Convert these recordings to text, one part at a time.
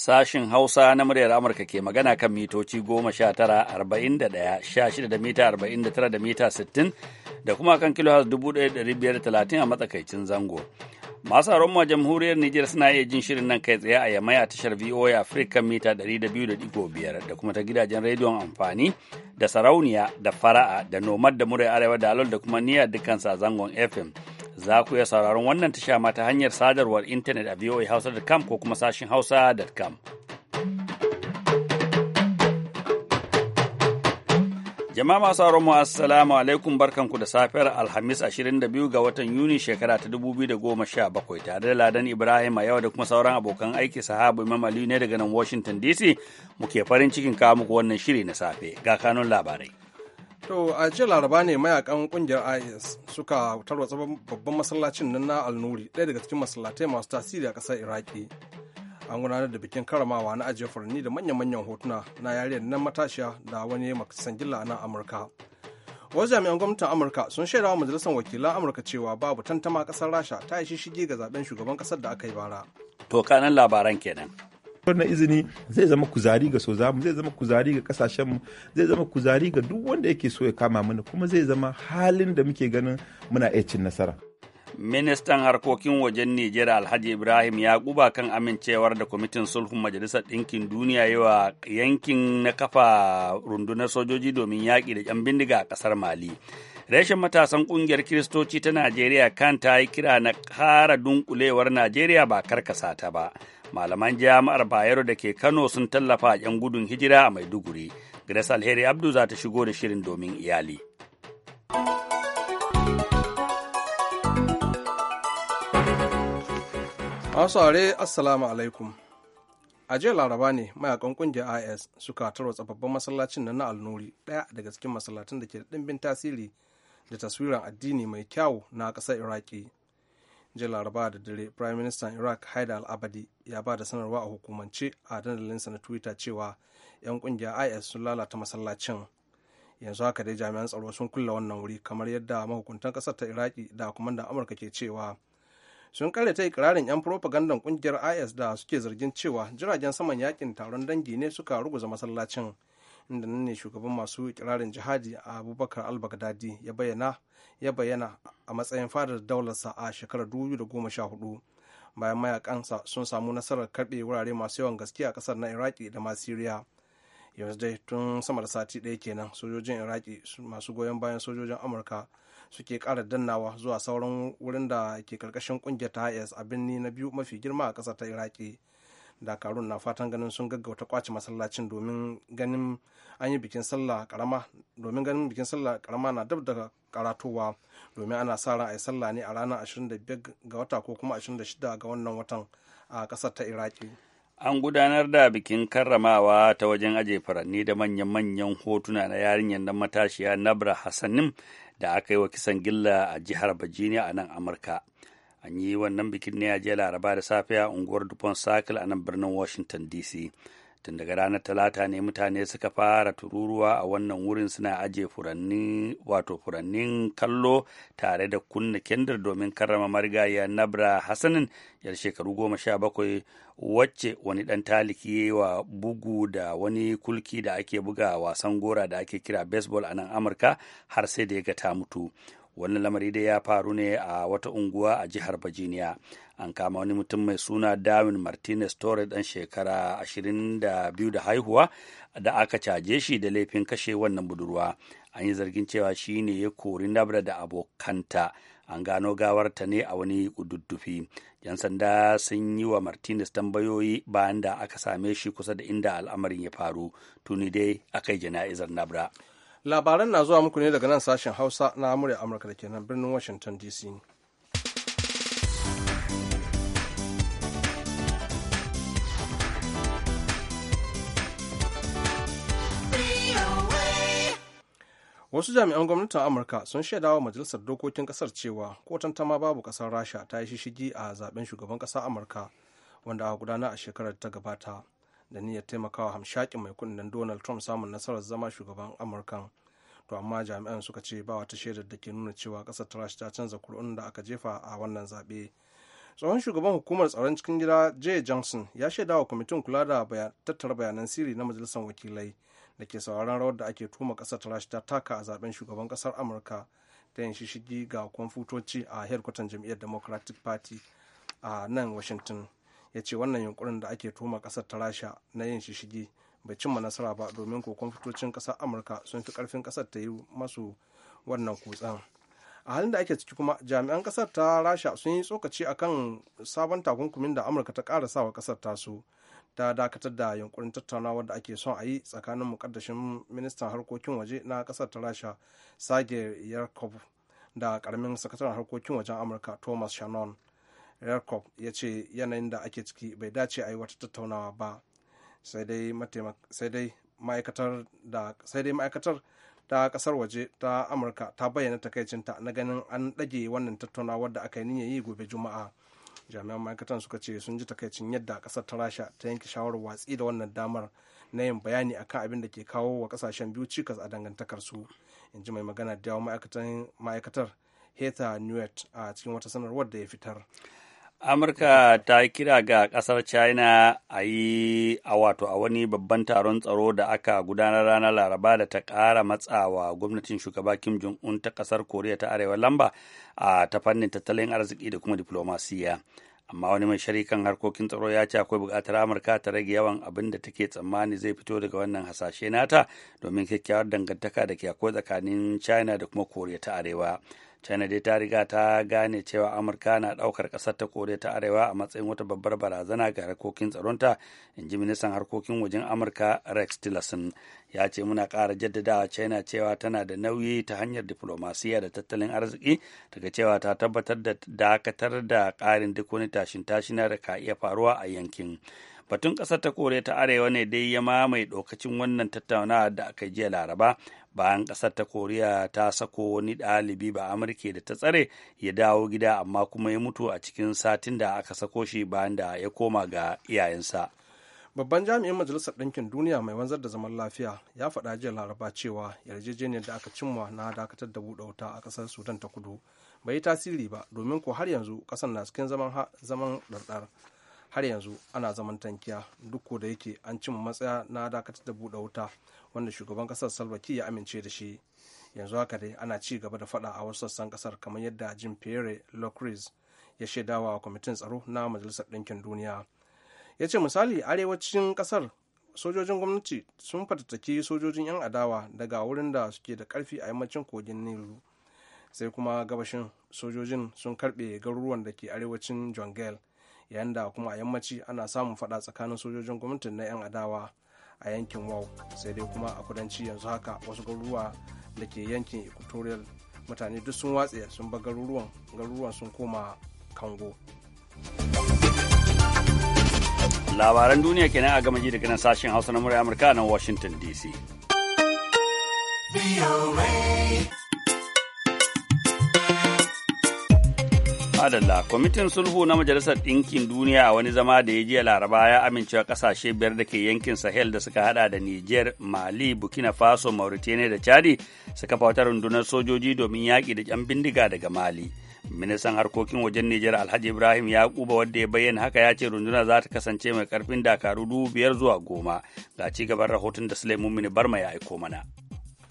Sashin Hausa na muryar Amurka ke magana kan mitoci goma sha tara arba'in da ɗaya sha shida da mita arba'in da tara da mita sittin da kuma kan kilo has dubu ɗaya da biyar talatin a matsakaicin zango. Masu aron ma jamhuriyar Nijar suna iya jin shirin nan kai tsaye a yamai a tashar VOA Africa mita ɗari da biyu da ɗigo biyar da kuma ta gidajen rediyon amfani da sarauniya da fara'a da nomad da muryar arewa da alol da kuma niyyar dukansa zangon FM. za ku iya sauraron wannan tasha ma ta hanyar sadarwar intanet a voahausa.com ko kuma sashin hausa.com. Jama'a masu sauran mu assalamu alaikum barkanku da safiyar Alhamis 22 ga watan Yuni shekara ta 2017 tare da Ladan Ibrahim a yau da kuma sauran abokan aiki sahabu Imam Aliyu ne daga nan Washington DC muke farin cikin kawo muku wannan shiri na safe ga kanun labarai. To a jiya laraba ne mayakan kungiyar IS suka tarwatsa babban masallacin nan na Al-Nuri, ɗaya daga cikin masallatai masu tasiri a ƙasar Iraki. An gudanar da bikin karamawa na ajiye furanni da manya-manyan hotuna na yariyar na matashiya da wani makisan gilla na Amurka. Wasu jami'an gwamnatin Amurka sun shaidawa majalisar wakilan Amurka cewa babu tantama ƙasar Rasha ta yi shige ga zaben shugaban ƙasar da aka yi bara. To kanan labaran kenan. wannan izini zai zama kuzari ga so zamu zai zama kuzari ga kasashen mu zai zama kuzari ga duk wanda yake so ya kama mana kuma zai zama halin da muke ganin muna iya cin nasara ministan harkokin wajen Nijar Alhaji Ibrahim ya guba kan amincewar da kwamitin sulhun Majalisar Ɗinkin Duniya yawa yankin na kafa rundunar sojoji domin yaƙi da 'yan bindiga a ƙasar Mali. Reshen matasan ƙungiyar Kiristoci ta Najeriya kan ta yi kira na ƙara dunkulewar Najeriya ba karkasa ta ba. malaman jami'ar bayero da ke kano sun tallafa a 'yan gudun hijira a maiduguri grace alheri abdu za ta shigo da shirin domin iyali masu assalamu alaikum a jiya laraba ne mayakan kungiyar is suka tarwa tsababban masallacin nan na alnuri daya daga cikin masallacin da ke da dimbin tasiri da taswiran addini mai kyau na ƙasar iraki jiya laraba da dare prime minister iraq haida al-abadi ya ba da sanarwa a hukumance a dandalinsa na twitter cewa 'yan kungiyar is sun lalata masallacin yanzu haka dai jami'an tsaro sun kulle wannan wuri kamar yadda mahukuntan kasar ta iraki da kuma da amurka ke cewa sun kare ta ikirarin 'yan propagandan kungiyar is da suke zargin cewa jiragen saman yakin taron dangi ne suka ruguza masallacin inda nan ne shugaban masu ikirarin jihadi a abubakar al ya bayyana ya bayyana a matsayin fadar daularsa a shekarar 2014 bayan mayakansa sun samu nasarar karbe wurare masu yawan gaske a kasar na iraki da ma siriya yanzu dai tun sama da sati ɗaya kenan sojojin iraki masu goyon bayan sojojin amurka suke ƙara dannawa zuwa sauran wurin da ke karkashin kungiyar ta is a birni na biyu mafi girma a ƙasar ta iraki dakarun na fatan ganin sun gaggauta kwace masallacin domin ganin an yi bikin sallah karama domin ganin bikin sallah karama na dab da karatowa domin ana sa ran a yi sallah ne a ranar 25 ga wata ko kuma 26 ga wannan watan a kasar ta iraki an gudanar da bikin karramawa ta wajen aje furanni da manyan-manyan hotuna na yarinyar na matashiya nabra hassanin da aka yi wa kisan gilla a jihar bajini a nan amurka an yi wannan bikin ne a jiya laraba da safe a unguwar dupont circle a nan birnin washington dc tun daga ranar talata ne mutane suka fara tururuwa a wannan wurin suna ajiye wato furannin kallo tare da kunna kendir domin karrama a nabra hassanin yar shekaru goma sha bakwai wacce wani dan taliki wa bugu da wani kulki da ake buga wasan gora da ake kira baseball a nan amurka har sai da ya ga ta mutu wannan lamari dai ya faru ne a wata unguwa a jihar virginia an kama wani mutum mai suna darwin martinez torres dan shekara 22 da haihuwa da aka caje shi da laifin kashe wannan budurwa an yi zargin cewa shi ne ya kori nabra da abokanta an gano gawarta ne a wani kududdufi yan sanda sun yi wa martinez tambayoyi bayan da aka same shi kusa da inda al'amarin ya faru tuni dai aka yi jana'izar nabra labaran na zuwa muku ne daga nan sashen hausa na amurya amurka da ke nan birnin washington dc wasu jami'an gwamnatin amurka sun shaidawa wa majalisar dokokin kasar cewa ko tantama babu kasar rasha ta yi shishigi a zaben shugaban kasar amurka wanda aka gudana a shekarar ta gabata da niyyar taimakawa hamshakin mai kudin donald trump samun nasarar zama shugaban amurkan to amma jami'an suka ce ba wata shaidar da ke nuna cewa kasar trash ta canza kuri'un da aka jefa a wannan zaɓe tsohon shugaban hukumar tsaron cikin gida jay johnson ya shaida wa kwamitin kula da tattara bayanan sirri na majalisar wakilai da ke sauraron rawar da ake tuma kasar trash ta taka a zaben shugaban kasar amurka ta yin shishigi ga kwamfutoci a hedkwatan jam'iyyar democratic party a nan washington ya ce wannan yunkurin da ake tuma kasar ta rasha na yin shishigi bai cimma nasara ba domin kokon fitocin kasar amurka sun fi karfin kasar ta yi masu wannan kutsan a halin da ake ciki kuma jami'an kasar ta rasha sun yi tsokaci akan sabon takunkumin da amurka ta ƙara sawa kasar ta su ta dakatar da yunkurin tattaunawar da ake son a yi tsakanin mukaddashin ministan harkokin waje na kasar ta rasha sage yarkov da karamin sakataren harkokin wajen amurka thomas shannon Rakov ya ce yanayin da ake ciki bai dace a yi wata tattaunawa ba sai dai ma'aikatar ta kasar waje ta amurka ta bayyana takaicinta na ganin an ɗage wannan tattaunawa da aka yi niyyar yi gobe juma'a jami'an ma'aikatar suka ce sun ji takaicin yadda kasar ta rasha ta yanke shawarar watsi da wannan damar na yin bayani akan abin da ke kawo wa kasashen biyu cikas a dangantakar su in ji mai magana da ma'aikatar heta newt a cikin wata sanarwar da ya fitar Amurka ta yi kira ga ƙasar China a yi a wato a wani babban taron tsaro da aka gudanar ranar Laraba da ta ƙara matsawa gwamnatin shugaba Kim Jong-un ta ƙasar Koriya ta Arewa lamba a ta fannin tattalin arziki da kuma diplomasiya. Amma wani mai sharikan harkokin tsaro ya ce akwai buƙatar Amurka ta rage yawan abin da take tsammani zai fito daga wannan hasashe nata domin kyakkyawar dangantaka da ke akwai tsakanin China da kuma Koriya ta Arewa. china dai ta riga ta gane cewa amurka na daukar kasar ta koriya ta arewa a matsayin wata babbar barazana ga harkokin tsaronta in ji ministan harkokin wajen amurka rex tillerson ya ce muna ƙara jaddadawa china cewa tana da nauyi ta hanyar diflomasiya da tattalin arziki daga cewa ta tabbatar da dakatar da ƙarin duk wani tashin tashina da ka iya faruwa a yankin batun ƙasar ta koriya ta arewa ne dai ya mamaye ɗaukacin wannan tattaunawa da aka jiya laraba bayan ƙasar ta koriya ta sako wani ɗalibi ba amurke da ta tsare ya dawo gida amma kuma ya mutu a cikin satin da aka sako shi bayan da ya koma ga iyayensa babban jami'in majalisar ɗinkin duniya mai wanzar da zaman lafiya ya faɗa jiya laraba cewa yarjejeniyar da aka cimma na dakatar da buɗe wuta a ƙasar sudan ta kudu bai yi tasiri ba domin ko har yanzu ƙasar na cikin zaman ɗarɗar har yanzu ana zaman tankiya duk da yake an cimma matsaya na dakatar da buɗe wuta wanda shugaban ƙasar salvaki ya amince da shi yanzu haka dai ana ci gaba da faɗa a wasu sassan ƙasar kamar yadda jim pierre locris ya shaidawa kwamitin tsaro na majalisar ɗinkin duniya ya ce misali arewacin ƙasar sojojin gwamnati sun fatattaki sojojin 'yan adawa daga wurin da suke da karfi a yammacin kogin nilu sai kuma gabashin sojojin sun karbe garuruwan da ke arewacin jongel yayin da kuma a yammaci ana samun fada tsakanin sojojin gwamnatin na 'yan adawa a yankin wau sai dai kuma a kudanci yanzu haka wasu garuruwa da ke yankin equatorial mutane duk sun watse sun ba garuruwan garuruwan sun koma kango labaran duniya kenan a gama ji daga nan sashen hausa na murya amurka na washington dc Madalla, kwamitin sulhu na Majalisar Ɗinkin Duniya a wani zama da ya jiya Laraba ya amincewa ƙasashe biyar da ke yankin Sahel da suka hada da Nijar, Mali, Burkina Faso, Mauritania da Chadi su kafa wata rundunar sojoji domin yaƙi da ƙyan bindiga daga Mali. Ministan harkokin wajen Nijar Alhaji Ibrahim Yakuba wadda ya bayyana haka ya ce rundunar za ta kasance mai karfin dakaru dubu biyar zuwa goma. Ga ci gaban rahoton da Sulaimun Mini Barma ya aiko mana.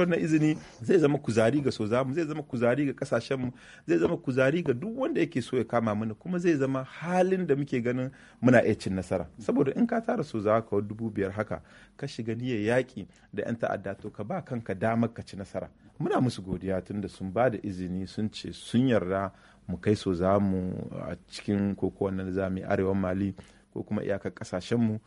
na izini zai zama kuzari ga zamu zai zama kuzari ga kasashen mu zai zama kuzari ga duk wanda yake so ya kama mana kuma zai zama halin da muke ganin muna iya cin nasara saboda in ka tara sozawa ka dubu biyar haka ka shiga niyya yaƙi da 'yan ta'adda to ka ba kanka damar ka ci nasara muna musu godiya tunda sun ba da izini sun ce sun yarda mu kai so mu a cikin koko wannan za arewa mali ko kuma iyakar mu.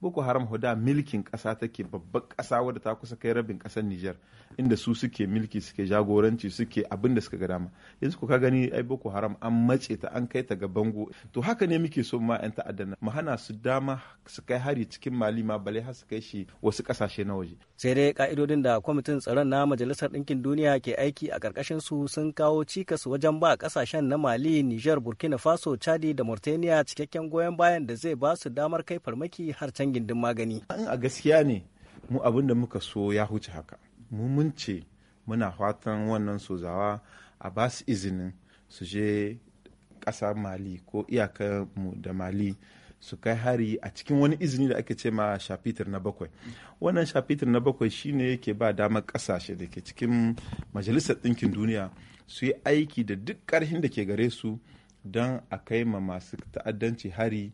boko haram huda milkin ƙasa take babbar ƙasa wadda ta kusa kai rabin ƙasar niger inda su suke milki suke jagoranci suke abin da suka ga dama yanzu ku ka gani ai boko haram an matse ta an kai ta ga bango to haka ne muke so ma yan ta'adda mu hana su dama su kai hari cikin mali ma bale har su kai shi wasu ƙasashe na waje sai dai ka'idodin da kwamitin tsaron na majalisar ɗinkin duniya ke aiki a ƙarƙashin su sun kawo cikas wajen ba ƙasashen na mali nijar burkina faso chadi da mauritania cikakken goyon bayan da zai ba su damar kai farmaki har can kan gindin magani in a gaskiya ne mu abin da muka so ya huce haka mu mun ce muna fatan wannan sozawa a ba su izinin su je ƙasa mali ko iyakar mu da mali su kai hari a cikin wani izini da ake ce ma shafitir na bakwai wannan shafitir na bakwai shine yake ba damar ƙasashe da ke cikin majalisar ɗinkin duniya su yi aiki da duk ƙarhin da ke gare su don a kai ma masu ta'addanci hari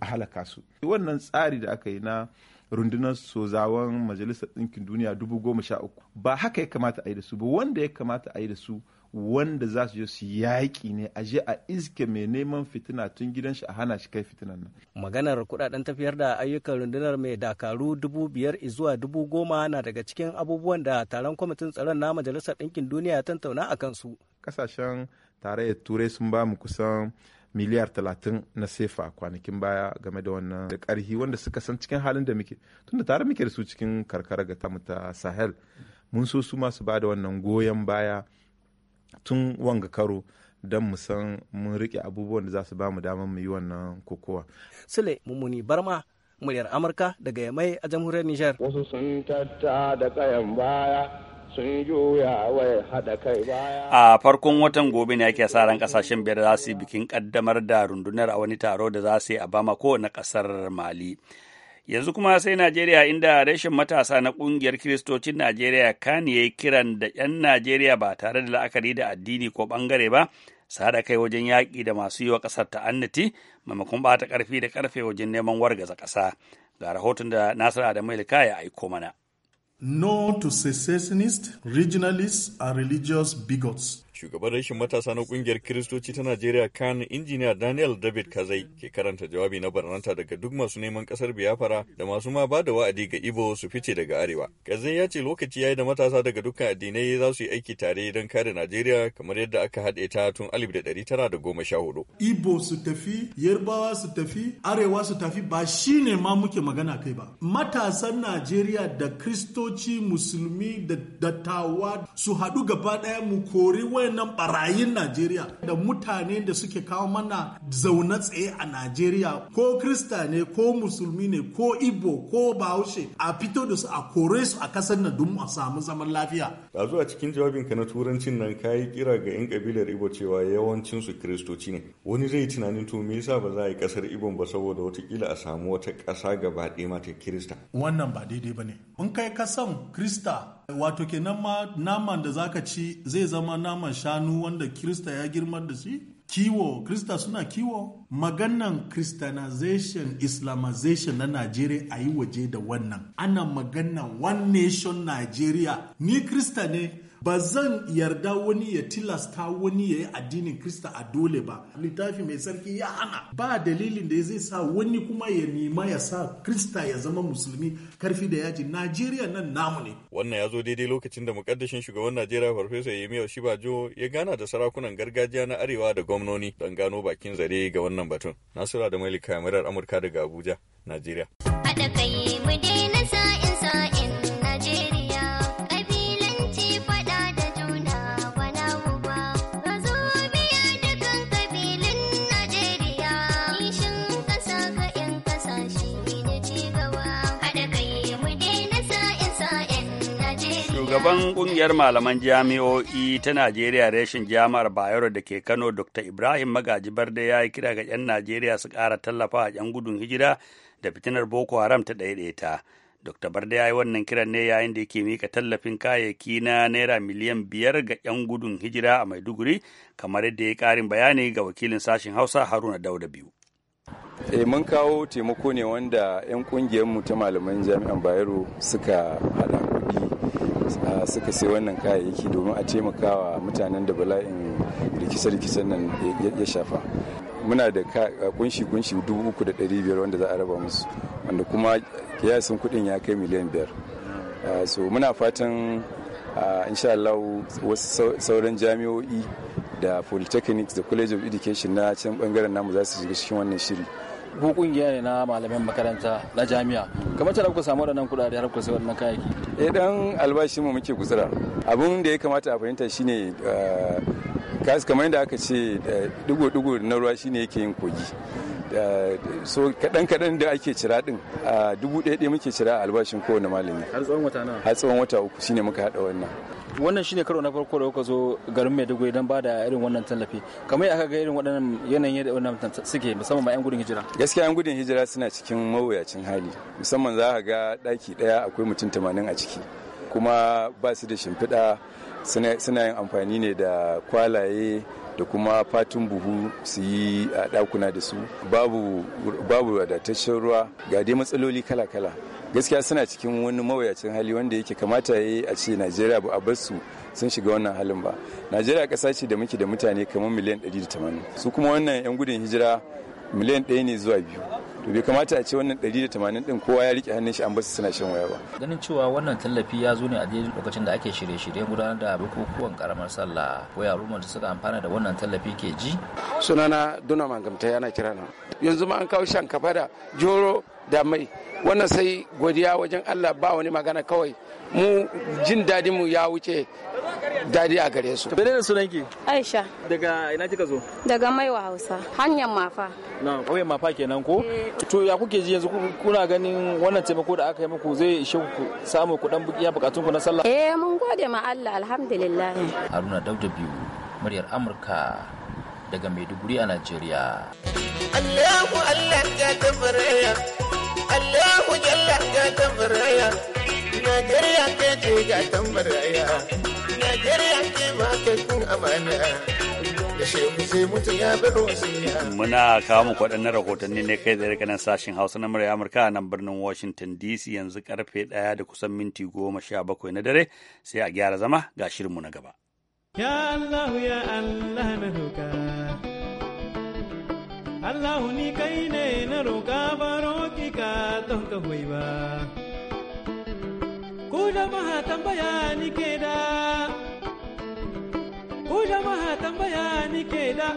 a halaka su wannan tsari da aka yi na rundunar sozawan majalisar ɗinkin duniya dubu goma sha ba haka ya kamata a yi da su ba wanda ya kamata a yi da su wanda za su je su yaƙi ne a je a iske mai neman fitina tun gidan shi a hana shi kai fitinan nan. Maganar kudaden tafiyar da ayyukan rundunar mai dakaru dubu biyar zuwa dubu goma na daga cikin abubuwan da taron kwamitin tsaron na majalisar ɗinkin duniya ya tattauna a kansu. Kasashen tarayyar turai sun ba mu kusan miliyar talatin na sefa kwanakin baya game da wannan da karhi wanda suka san cikin halin da muke tunda tare muke da su cikin karkara ga tamu ta sahel mun so su masu ba da wannan goyon baya tun wanga karo don mu san mun rike abubuwan da za su ba mu damar mu yi wannan kokowa. Sule Mummuni Barma muryar Amurka daga Yamai a jamhuriyar Nijar. Wasu sun tatta da kayan baya A farkon watan gobe ne ake sa ran kasashen biyar za su yi bikin ƙaddamar da rundunar a wani taro da za su yi a bama ko na ƙasar Mali. Yanzu kuma sai Najeriya inda rashin matasa na ƙungiyar Kiristocin Najeriya kan yi kiran da 'yan Najeriya ba tare da la'akari da addini ko bangare ba su haɗa kai wajen yaƙi da masu yi wa ƙasar ta'annati maimakon ɓata ƙarfi da ƙarfe wajen neman wargaza ƙasa. Ga rahoton da Nasiru Adamu ya aiko mana. No to secessionists, regionalists, and religious bigots. shugaban rashin matasa na kungiyar kiristoci ta najeriya kan injiniya daniel david kazai ke karanta jawabi na barnanta daga duk masu neman kasar biyafara da masu ma ba da wa'adi ga ibo su fice daga arewa kazai ya ce lokaci ya yi da matasa daga dukkan addinai za su yi aiki tare don kare najeriya kamar yadda aka haɗe ta tun 1914 ibo su tafi yarbawa su tafi arewa su tafi ba shine ma muke magana kai ba matasan najeriya da kiristoci musulmi da dattawa su haɗu gaba ɗaya mu kori wayan waɗannan barayin Najeriya da mutane da suke kawo mana zaune tsaye a Najeriya ko Krista ne ko Musulmi ne ko Igbo ko Bahaushe a fito da su a kore su a kasar na don a samu zaman lafiya. A zuwa cikin jawabin ka na turancin nan ka yi kira ga 'yan kabilar Igbo cewa yawancin su Kiristoci ne. Wani zai tunanin to me yasa ba za a yi kasar Igbo ba saboda wata watakila a samu wata ƙasa gaba ɗaya mata Kirista. Wannan ba daidai ba ne. Mun kai kasan Krista Wato kenan ma naman da zaka ci zai zama naman shanu wanda Kirista ya girmar da shi? Kiwo, Kirista suna kiwo? Maganan Christianization, Islamization na Najeriya a yi waje da wannan. Ana maganan One Nation Nigeria. Ni Kirista ne, ba zan yarda wani ya tilasta wani ya yi addinin krista a dole ba littafi mai sarki ya hana ba dalilin da zai sa wani kuma ya nema ya sa krista ya zama musulmi karfi da yaji najeriya nan namu ne wannan ya zo daidai lokacin da mukaddashin shugaban najeriya farfesa yemi shibajo ya gana da sarakunan gargajiya na arewa da gwamnoni don gano bakin zare ga wannan batun nasura da Malika murar amurka daga abuja najeriya haɗa kai mu daina sa'in sa'in shugaban kungiyar malaman jami'o'i ta najeriya reshin jami'ar bayero da ke kano dr ibrahim magaji barde ya yi kira ga 'yan najeriya su ƙara tallafa a 'yan gudun hijira da fitinar boko haram ta ɗaiɗaita dr barde ya yi wannan kiran ne yayin da yake mika tallafin kayayyaki na naira miliyan biyar ga 'yan gudun hijira a maiduguri kamar yadda ya ƙarin bayani ga wakilin sashen hausa haruna dauda biyu e mun kawo taimako ne wanda 'yan kungiyarmu ta malaman jami'an bayero suka hada suka sai wannan kayayyaki domin a taimakawa mutanen da bala'in rikice-rikicen nan ya shafa muna da kunshi-kunshi dubu uku ɗari biyar wanda za a raba musu wanda kuma kiyasin kuɗin ya kai miliyan biyar so muna fatan insha Allah wasu sauran jami'o'i da polytechnics da college of education na can bangaren namu za su shiga cikin wannan shiri ko kungiya ne na malamin makaranta na jami'a kamar da kuka samu waɗannan kuɗaɗe har ku sai waɗannan kayayyaki eh dan albashi mu muke guzura abun da ya kamata a fahimta shine eh, kamar yadda aka ce digo-digo eh, na ruwa shine yake yin kogi so kaɗan kaɗan da ake cira din a dubu ɗaya ɗaya muke cira a albashin kowane malami har tsawon wata nawa har tsawon wata uku shine muka haɗa wannan wannan shine karo na farko da kuka zo garin Maiduguri don ba da irin wannan tallafi kamar aka ga irin waɗannan yanayin da wannan suke musamman ma 'yan gudun hijira gaskiya 'yan gudun hijira suna cikin mawuyacin hali musamman za ka ga ɗaki ɗaya akwai mutum tamanin a ciki kuma ba su da shimfiɗa suna yin amfani ne da kwalaye da kuma fatin buhu su yi a ɗakuna da su babu wadataccen ruwa ga dai matsaloli kala-kala gaskiya suna cikin wani mawuyacin hali wanda yake kamata ya yi a ce najeriya ba a bar su sun shiga wannan halin ba najeriya ƙasa ce da muke da mutane kamar miliyan 180 su kuma wannan 'yan gudun hijira miliyan ɗaya ne zuwa biyu to bai kamata a ce wannan tamanin din kowa ya rike hannun shi an basu suna shan waya ba ganin cewa wannan tallafi ya zo ne a daidai lokacin da ake shirye-shiryen gudanar da bukukuwan karamar sallah ko yaruman da suka amfana da wannan tallafi ke ji sunana duna mangamta yana kira na yanzu ma an kawo shankafa da joro da mai wannan sai godiya wajen Allah ba wani magana kawai mu jin dadi mu ya wuce dadi a gare su. Menene sunanki? Aisha. Daga ina kika zo? Daga Maiwa Hausa. Hanyar Mafa. Na ƙauyen Mafa kenan ko? Eh. To ya kuke ji yanzu kuna ganin wannan taimako da aka yi muku zai ishe ku samu kuɗan bukiya bukatun ku na sallah? Eh mun gode ma Allah alhamdulillah. Haruna Dauda biyu muryar Amurka daga Maiduguri a Najeriya. Allahu Allah ya tabaraya. Allahu Jalla ya tabaraya. Najeriya ke ce ga tambaraya, Najeriya ke ma ke kun amana. Muna kawo muku waɗannan rahotanni ne kai tsaye daga sashen Hausa na murya Amurka a nan birnin Washington DC yanzu karfe ɗaya da kusan minti goma sha bakwai na dare sai a gyara zama ga shirinmu na gaba. Ya Allah ya Allah na roƙa. Allah ni kai ne na roƙa ba roƙi ka don ka ba. ku jama'a tambaya ke da ku jama'a tambaya ni ke da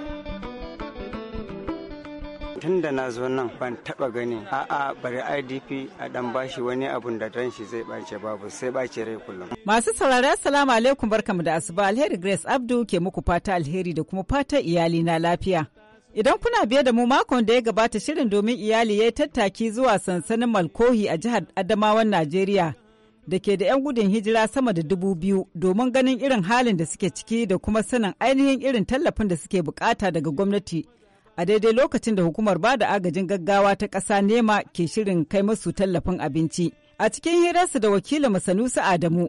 tun na zo nan ban taba gani a'a bari idp a dan bashi wani abun da dan shi zai bace babu sai bace rai kullum masu saurari assalamu alaikum barkamu da asuba alheri grace abdu ke muku fata alheri da kuma fata iyali na lafiya Idan kuna biye da mu makon da ya gabata shirin domin iyali ya yi tattaki zuwa sansanin Malkohi a jihar Adamawan Najeriya da ke da 'yan gudun hijira sama da dubu biyu domin ganin irin halin da suke ciki da kuma sanin ainihin irin tallafin da suke bukata daga gwamnati a daidai lokacin da hukumar ba da agajin gaggawa ta ƙasa nema ke shirin kai masu tallafin abinci a cikin hirarsu da wakilin masanusa adamu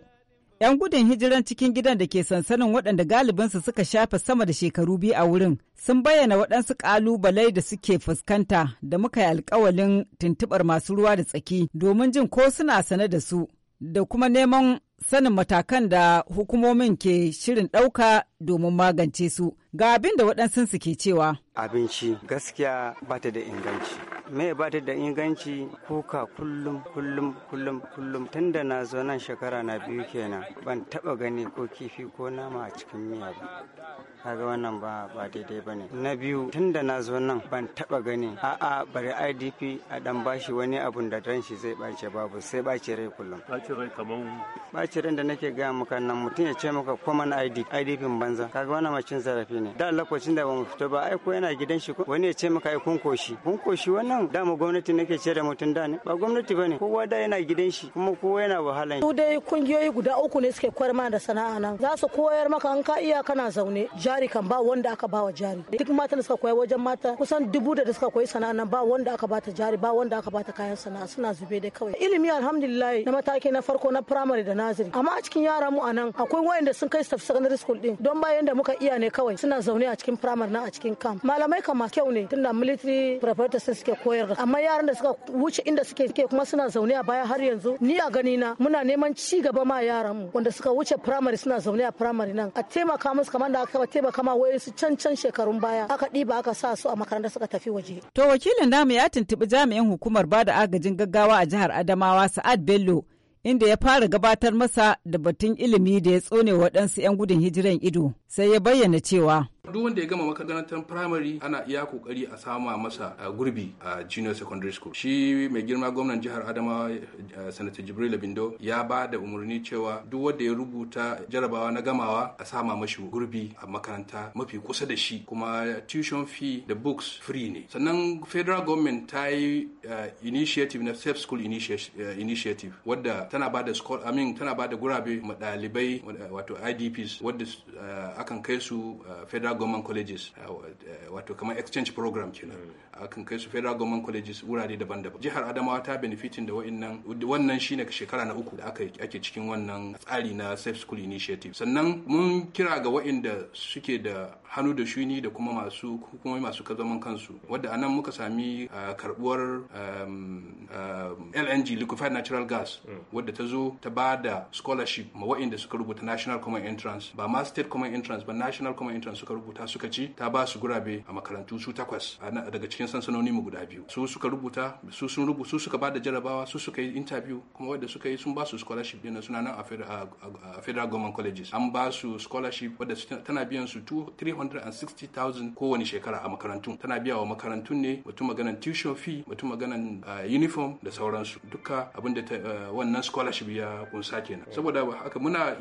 'yan gudun hijiran cikin gidan da ke sansanin waɗanda galibinsu suka shafe sama da shekaru biyu a wurin sun bayyana waɗansu ƙalubalai da suke fuskanta da muka yi alkawalin tuntuɓar masu ruwa da tsaki domin jin ko suna sane da su da kuma neman sanin matakan da hukumomin ke shirin ɗauka domin magance su ga abin da waɗansu ke cewa abinci gaskiya ba ta da inganci me ba ta da inganci kuka kullum kullum kullum kullum tun na zo nan shekara na biyu kenan ban taɓa gani ko kifi ko nama a cikin miya ba kaga wannan ba ba daidai bane na biyu tunda na zo nan ban taba gani a'a bari IDP a dan bashi wani abun da dan shi zai bace babu sai bace rai kullum bace rai kaman bace rai da nake ga maka nan mutum ya ce maka common ID IDP banza kaga wannan macin zarafi ne da lokacin da bamu fito ba ai ko yana gidan shi wani ya ce maka ai kun koshi kun koshi wannan mu gwamnati nake ce da mutum da ne ba gwamnati bane kowa da yana gidan shi kuma kowa yana wahala su dai kungiyoyi guda uku ne suke kwarma da sana'a nan za su koyar maka an ka iya kana zaune jari kan ba wanda aka ba wa jari duk mata da suka koya wajen mata kusan dubu da suka koyi sana'a nan ba wanda aka bata jari ba wanda aka bata kayan sana'a suna zube dai kawai ilimi alhamdulillah na mataki na farko na primary da naziri amma a cikin yaran mu anan akwai wayanda sun kai staff secondary school din don bayan da muka iya ne kawai suna zaune a cikin primary na a cikin camp malamai kan kyau ne tunda military preparators sun suke koyar da amma yaran da suka wuce inda suke suke kuma suna zaune a baya har yanzu ni a gani na muna neman ci gaba ma yaran mu wanda suka wuce primary suna zaune a primary nan a taimaka musu kamar da aka taimaka ma wayoyin su can shekarun baya aka ɗiba aka sa su a makaranta suka tafi waje. To wakilin namu ya tuntuɓi jami'in hukumar ba da agajin gaggawa a jihar Adamawa Sa'ad Bello inda ya fara gabatar masa da batun ilimi da ya tsone waɗansu 'yan gudun hijiran ido sai ya bayyana cewa. duk wanda ya gama makarantar primary ana iya kokari a sama masa gurbi a junior secondary school shi mai girma gwamnan jihar adamawa sanata jibril bindo ya ba da umarni cewa duk wanda ya rubuta jarabawa na gamawa a sama mashi gurbi a makaranta mafi kusa da shi kuma tuition fee da books free ne sannan federal government ta yi initiative na safe school initiative wadda tana ba da school mean tana ba da gurabe ma ɗalibai wato idps wadda akan kai su federal government colleges uh, uh, wato kamar exchange program kenan hmm. akan kai su federal government colleges wurare daban-daban jihar adamawa ta benefitin da wa'annan wannan shine shekara na uku da ake cikin wannan tsari na safe school initiative sannan mun kira ga wa'anda suke da hannu da shuni da kuma masu hukumomi masu kazaman kansu wadda anan muka sami eh, karbuwar LNG liquefied natural gas mm. wadda ta zo ta ba da scholarship ma wa'inda suka rubuta national common entrance ba ma state common entrance ba national common entrance suka rubuta suka ci ta ba su gurabe a makarantu su takwas daga cikin sansanoni mu guda biyu su suka rubuta su sun rubuta su suka ba da jarabawa su suka yi interview kuma wadda suka yi sun ba su scholarship din suna nan a federal government colleges an ba su scholarship wadda tana biyan su 360,000 kowane shekara a makarantun tana biya wa makarantun ne mutum maganan tuition fee mutum maganan ah, uniform da sauransu duka abin da ah, wannan scholarship ya kunsa kenan saboda haka muna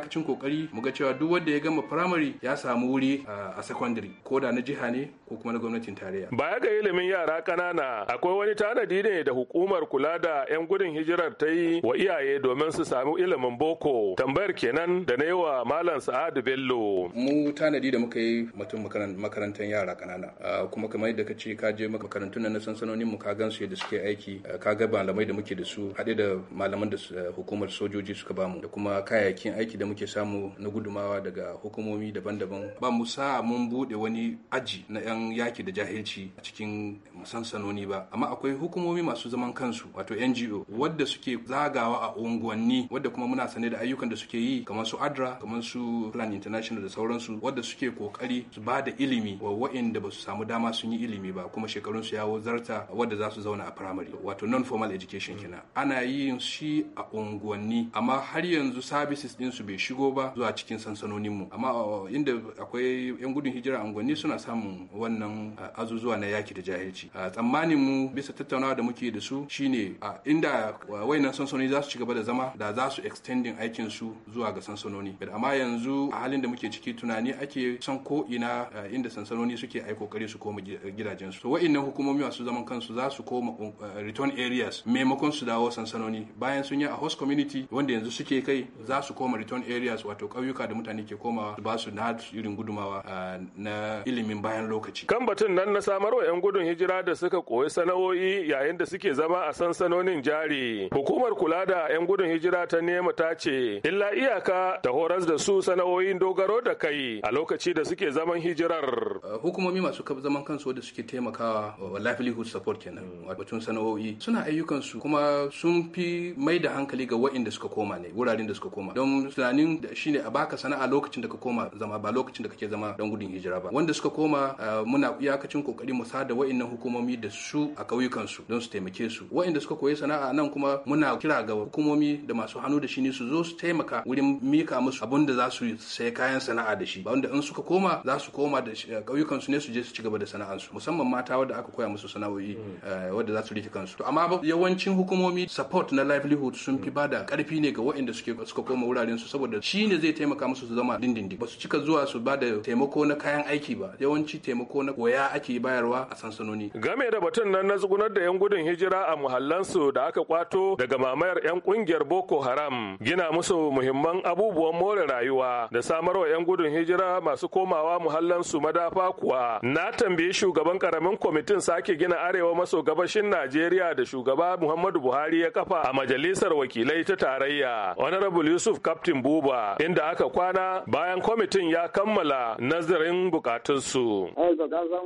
kacin kokari mu ga cewa duk wanda ya gama primary ya samu wuri ah, a secondary ko da na jiha ne ko kuma na gwamnatin tarayya baya ga ilimin yara kanana akwai wani tanadi ne da hukumar kula da 'yan gudun hijirar ta yi wa iyaye domin su samu ilimin boko tambayar kenan da na yi wa malam sa'adu bello mu tanadi da muka yi mutum makarantar yara kanana kuma kamar yadda ka ce ka je makarantun na sansanonin mu ka gansu yadda suke aiki ka ga malamai da muke da su haɗe da malaman da hukumar sojoji suka bamu da kuma kayayyakin aiki da muke samu na gudumawa daga hukumomi daban-daban ba mu sa mun buɗe wani aji na 'yan yaki da jahilci a cikin sansanoni ba amma akwai hukumomi masu zaman kansu wato NGO wadda suke zagawa a unguwanni wadda kuma muna sane da ayyukan da suke yi kamar su ADRA kamar su Plan International da sauransu wadda suke yi kokari su ba da ilimi wa wa'inda ba su samu dama sun yi ilimi ba kuma shekarun su yawo zarta wadda za su zauna a firamare wato non formal education mm. kenan ana yin shi a unguwanni amma har yanzu services din su bai shigo ba zuwa cikin sansanonin mu amma uh, inda akwai yan gudun hijira unguwanni suna samun wannan uh, azuzuwa na yaki da jahilci uh, tsammanin mu bisa tattaunawa da muke da su shine inda wayannan sansanoni za su ci gaba da zama da za su extending aikin su zuwa ga sansanoni amma yanzu a halin da muke ciki tunani ake can ko ina eh, inda sansanoni suke ai kokari su koma gidajensu to wa'annan hukumomi masu zaman kansu za su koma um, eh, return areas maimakon su dawo sansanoni bayan sun yi a host community wanda yanzu suke kai za su koma return areas wato ƙauyuka da mutane ke komawa ba su na irin gudumawa eh, na ilimin bayan lokaci kan batun nan na samar wa 'yan gudun hijira da suka koyi sana'o'i yayin da suke zama a sansanonin jari hukumar kula da 'yan gudun hijira ta nema ta ce illa iyaka ta horas da su sana'o'in dogaro da kai a lokaci lokaci da suke zaman hijirar eh, hukumomi masu kaf zaman kansu da suke taimakawa wa eh, livelihood support kenan hmm. batun sana'o'i suna ayyukan su kuma sun fi mai da hankali ga waɗanda suka koma ne wuraren da suka koma don tunanin shine a baka sana'a lokacin da ka koma zama ba lokacin da kake zama don gudun hijira ba wanda suka koma eh, muna iyakacin kokari mu sada waɗannan hukumomi da su a kauyukan su don su taimake su waɗanda suka koyi sana'a nan kuma muna kira ga hukumomi da masu hannu da shi ne su zo su taimaka wurin mika musu abun da za su sai kayan sana'a da shi ba wanda in suka suka koma za su koma da kauyukan eh, su ne su je su ci gaba da sana'ansu musamman mata wadda aka koya musu sana'o'i hmm. eh, wadda za su rike kansu to amma yawancin hukumomi support na livelihood sun fi hmm. bada karfi ne ga waɗanda suke suka koma wuraren su saboda shi ne zai taimaka musu su zama dindindin ba su cika zuwa su bada taimako na kayan aiki ba yawanci taimako na koya ake bayarwa a sansanoni game da batun nan na tsugunar da yan gudun hijira a muhallansu da aka kwato daga mamayar yan kungiyar boko haram gina musu muhimman abubuwan more rayuwa da samarwa yan gudun hijira masu komawa muhallansu madafa kuwa na tambayi shugaban karamin kwamitin sake gina arewa maso gabashin najeriya da shugaba muhammadu buhari ya kafa a majalisar wakilai ta tarayya honorable yusuf captain buba inda aka kwana bayan kwamitin ya kammala nazarin bukatunsu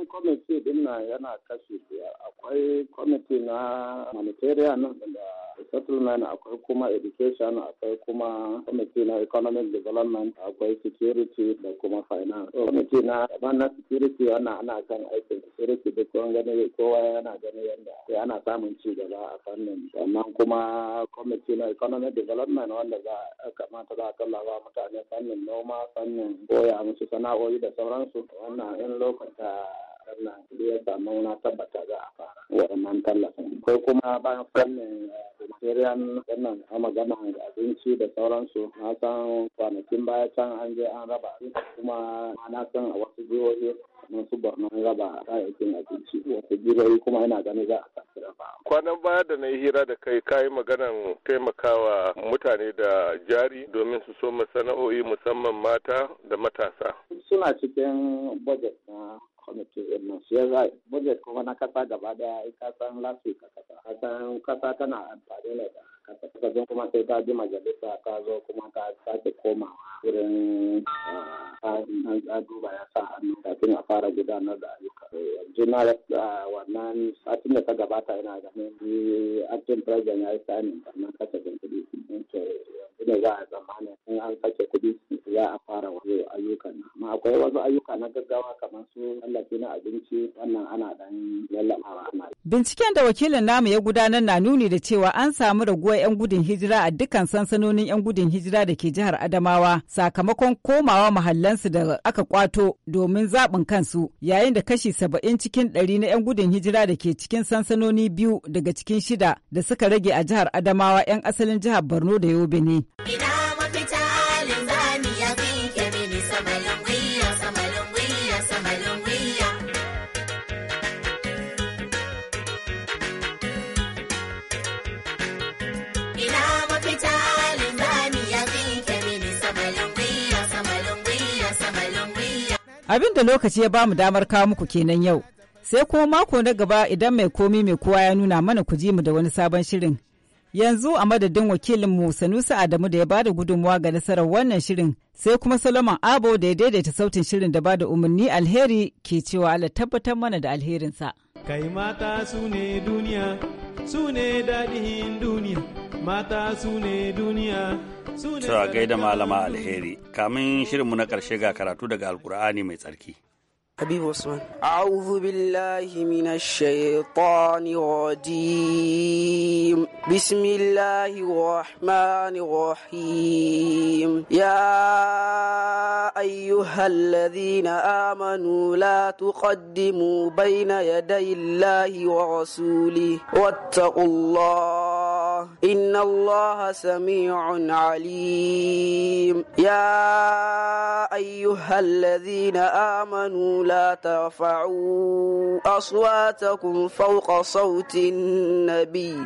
kwamiti din yana kashi biyar akwai kwamiti na nan da settlement akwai kuma education akwai kuma committee na economic development akwai security da kuma finance committee na na security wannan ana kan aikin security duk wani gani kowa yana gani yadda sai ana samun ci gaba a fannin sannan kuma committee na economic development wanda za a kamata za a tallafa mutane fannin noma fannin koya musu sana'o'i da sauransu wannan in lokacin Allah ya samu na tabbata za a fara wannan tallafin ko kuma bayan fannin materiyan eh, wannan a magana abinci da sauransu na san kwanakin baya can an je an raba kuma na san a wasu jihohi kamar su borno raba kayayyakin abinci wasu jihohi kuma ina ganin za a sake kwanan baya da na yi hira da kai kayi maganan taimakawa mutane da jari domin su so sana'o'i musamman mata da matasa suna cikin budget na kwamitin nan su budget kuma na kasa gaba daya ai ka san last kasa kasan kasa tana amfani ne da kasa kasa kuma sai ta ji majalisa ta zo kuma ta sake komawa wurin ah, ah, an duba ya sa hannu kafin a fara gudanar da ayyuka yanzu na ah, wannan satin da ta gabata yana da acting president ya yi sanin wannan kasafin yanzu ne za a ne in an sake kudi akwai wasu ayyuka na gaggawa kamar su tallafi na abinci wannan ana dan ana binciken da wakilin namu ya gudanar na nuni da cewa an samu raguwar 'yan gudun hijira a dukkan sansanonin 'yan gudun hijira da ke jihar adamawa sakamakon komawa mahallansu da aka kwato domin zaɓin kansu yayin da kashi saba'in cikin ɗari na 'yan gudun hijira da ke cikin sansanoni biyu daga cikin shida da suka rage a jihar adamawa 'yan asalin jihar borno da yobe ne. Abin da lokaci ya bamu damar kawo muku kenan yau. Sai kuma mako na gaba idan mai komi mai kowa ya nuna mana ku ji mu da wani sabon shirin. Yanzu a madadin wakilin wakilinmu Sanusi Adamu da ya bada gudunmawa ga nasarar wannan shirin sai kuma Solomon Abo da ya daidaita sautin shirin da bada umarni alheri ke cewa Allah tabbatar mana da alherinsa. kai mata su ne duniya su ne daɗin duniya mata su ne duniya su ne gaida malama alheri kamin shirinmu na ƙarshe ga karatu daga alkur'ani mai tsarki حبيب عثمان أعوذ بالله من الشيطان الرجيم بسم الله الرحمن الرحيم يا أيها الذين آمنوا لا تقدموا بين يدي الله ورسوله واتقوا الله إن الله سميع عليم يا أيها الذين آمنوا لا ترفعوا أصواتكم فوق صوت النبي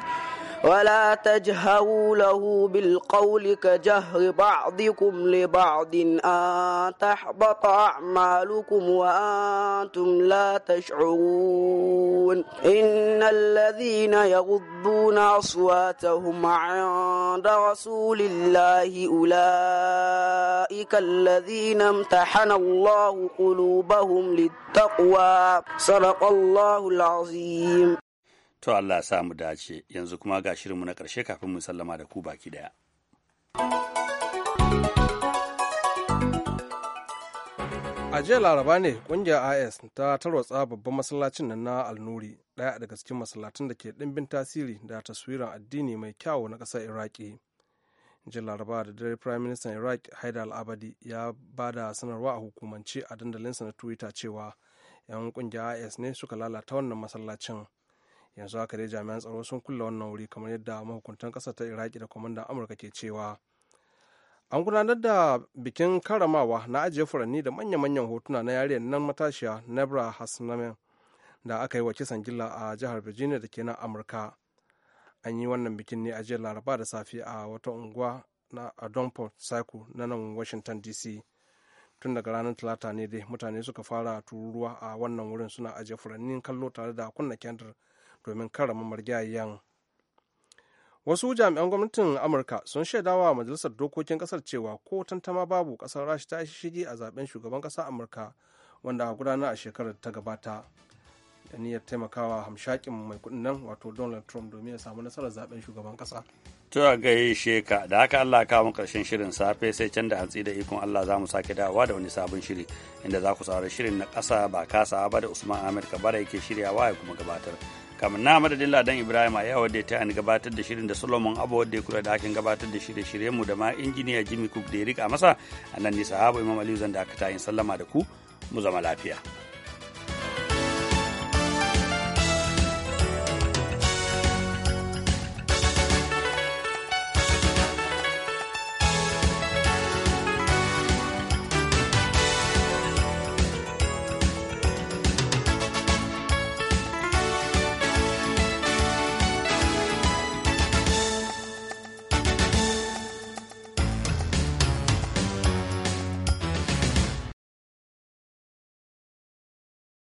ولا تجهروا له بالقول كجهر بعضكم لبعض أن آه، تحبط أعمالكم وأنتم لا تشعرون إن الذين يغضون أصواتهم عند رسول الله أولئك الذين امتحن الله قلوبهم للتقوى صدق الله العظيم To Allah ya samu dace yanzu kuma ga shirinmu na ƙarshe kafin mu sallama da ku baki ɗaya. a jiya laraba ne ƙungiyar is ta tarwatsa babban masallacin nan na alnuri ɗaya daga cikin masallacin da ke ɗimbin tasiri da taswiran addini mai kyawu na ƙasar iraki jiya laraba da dare prime minister iraq haidar al-abadi ya ba da sanarwa a hukumance a dandalinsa na twitter cewa 'yan ƙungiyar is ne suka lalata wannan masallacin yanzu haka dai jami'an tsaro sun kulle wannan wuri kamar yadda mahukuntan ƙasar ta iraki da kwamandan amurka ke cewa an gudanar da bikin karamawa na ajiye furanni da manya-manyan hotuna na yariyar nan matashiya nebra hasnamen da aka yi wa kisan gilla a jihar virginia da ke nan amurka an yi wannan bikin ne a jiya laraba da safe a wata unguwa na adonport saku na nan washington dc tun daga ranar talata ne dai mutane suka fara tururuwa a wannan wurin suna ajiye furannin kallo tare da kunna kendir domin karama marjayiyan wasu jami'an gwamnatin amurka sun shaidawa majalisar dokokin kasar cewa ko tantama babu kasar rashi ta shige a zaben shugaban kasa amurka wanda a gudana a shekarar ta gabata da niyyar taimakawa hamshakin mai kudin nan wato donald trump domin ya samu nasarar zaben shugaban kasa to a gaishe ka da haka allah kawo mu karshen shirin safe sai can da hantsi da ikon allah za mu sake dawowa da wani sabon shiri inda za ku saurari shirin na kasa ba kasa ba da usman amir kabara yake shiryawa ya kuma gabatar kamar na madadin ladan ibrahim a yawon da ta yi gabatar da shirin da solomon abu wadda ya kula da hakin gabatar da shirye shirye mu da ma injiniya jimmy cook da ya rika masa a nan ne sahaba imam aliyu zan da aka ta yin sallama da ku mu zama lafiya